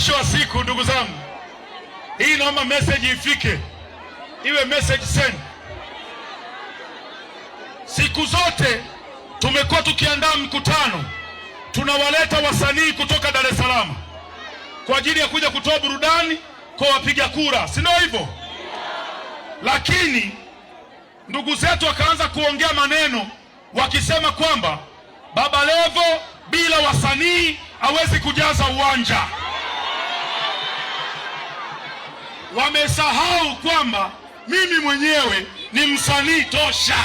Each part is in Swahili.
Mwisho wa siku, ndugu zangu, hii naomba message ifike, iwe message send. Siku zote tumekuwa tukiandaa mkutano, tunawaleta wasanii kutoka Dar es Salaam kwa ajili ya kuja kutoa burudani kwa wapiga kura, si ndio hivyo? Lakini ndugu zetu wakaanza kuongea maneno wakisema kwamba Baba Levo bila wasanii hawezi kujaza uwanja. wamesahau kwamba mimi mwenyewe ni msanii tosha.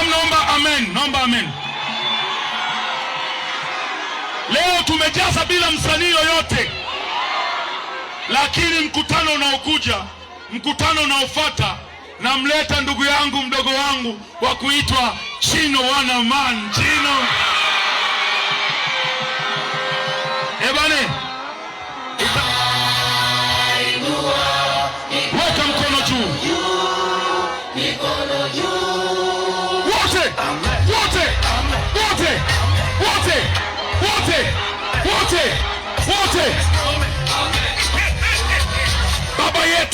Em, naomba amen, naomba amen. Leo tumejaza bila msanii yoyote, lakini mkutano unaokuja, mkutano unaofuata, namleta ndugu yangu mdogo wangu wa kuitwa Chino Wanaman Chino, ebane eh,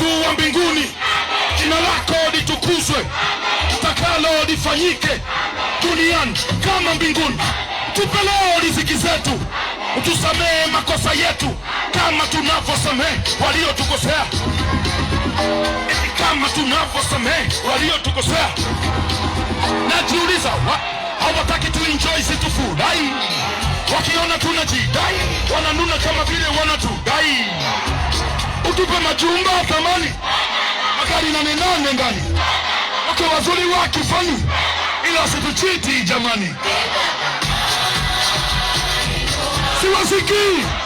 wetu wa mbinguni, jina lako litukuzwe, takalo lifanyike duniani kama mbinguni. Tupe leo riziki zetu, utusamehe makosa yetu kama tunavyosamehe waliotukosea, yaani kama tunavyosamehe waliotukosea. Najiuliza, hawataki tuenjoy, si Wakiona tunajidai, wananuna kama vile wanatudai tupe majumba ya thamani, magari nane nane ndani, wake wazuri wa kifani, ila situchiti jamani, siwasikii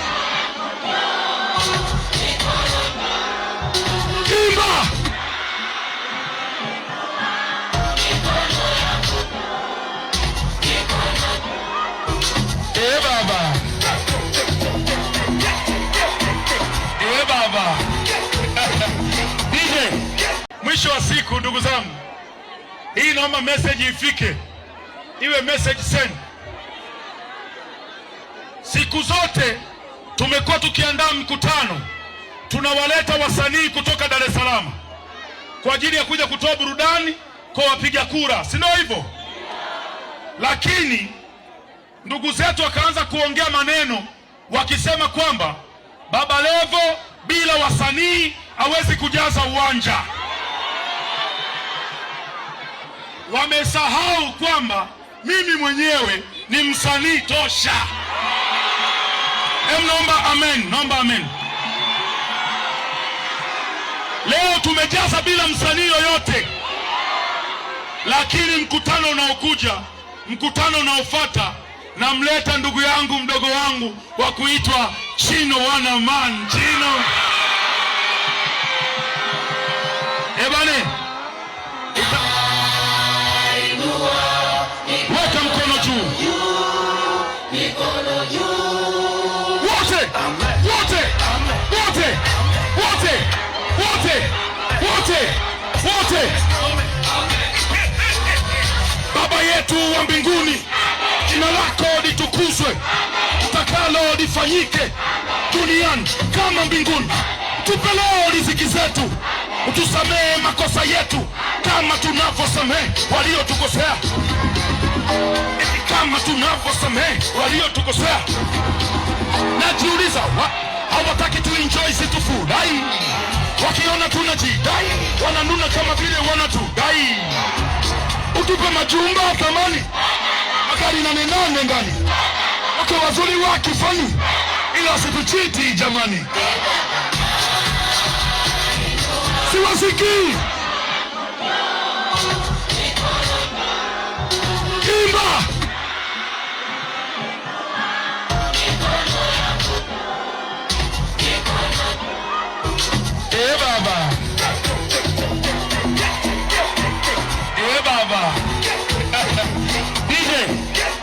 Mwisho wa siku, ndugu zangu, hii naomba message ifike, iwe message send. Siku zote tumekuwa tukiandaa mkutano, tunawaleta wasanii kutoka Dar es Salaam kwa ajili ya kuja kutoa burudani kwa wapiga kura, si ndio hivyo? Lakini ndugu zetu wakaanza kuongea maneno wakisema kwamba Baba Levo bila wasanii hawezi kujaza uwanja. wamesahau kwamba mimi mwenyewe ni msanii tosha. Em, naomba amen, naomba amen. Leo tumejaza bila msanii yoyote, lakini mkutano unaokuja, mkutano unaofuata, namleta ndugu yangu mdogo wangu wa kuitwa Chino Wanaman Chino ebane eh, wote wote wote. Baba yetu wa mbinguni, jina lako litukuzwe, utakalo lifanyike duniani kama mbinguni. Tupe leo riziki zetu, utusamehe makosa yetu kama tunavyosamehe waliotukosea, kama tunavyosamehe waliotukosea. Najiuliza, hawataki tuenjoy zitu furahi wakiona tunajidai wananuna kama vile wanatudai. Utupe majumba thamani, magari nane nane ndani, wake wazuri wa kifani, ila situchiti jamani, siwasikii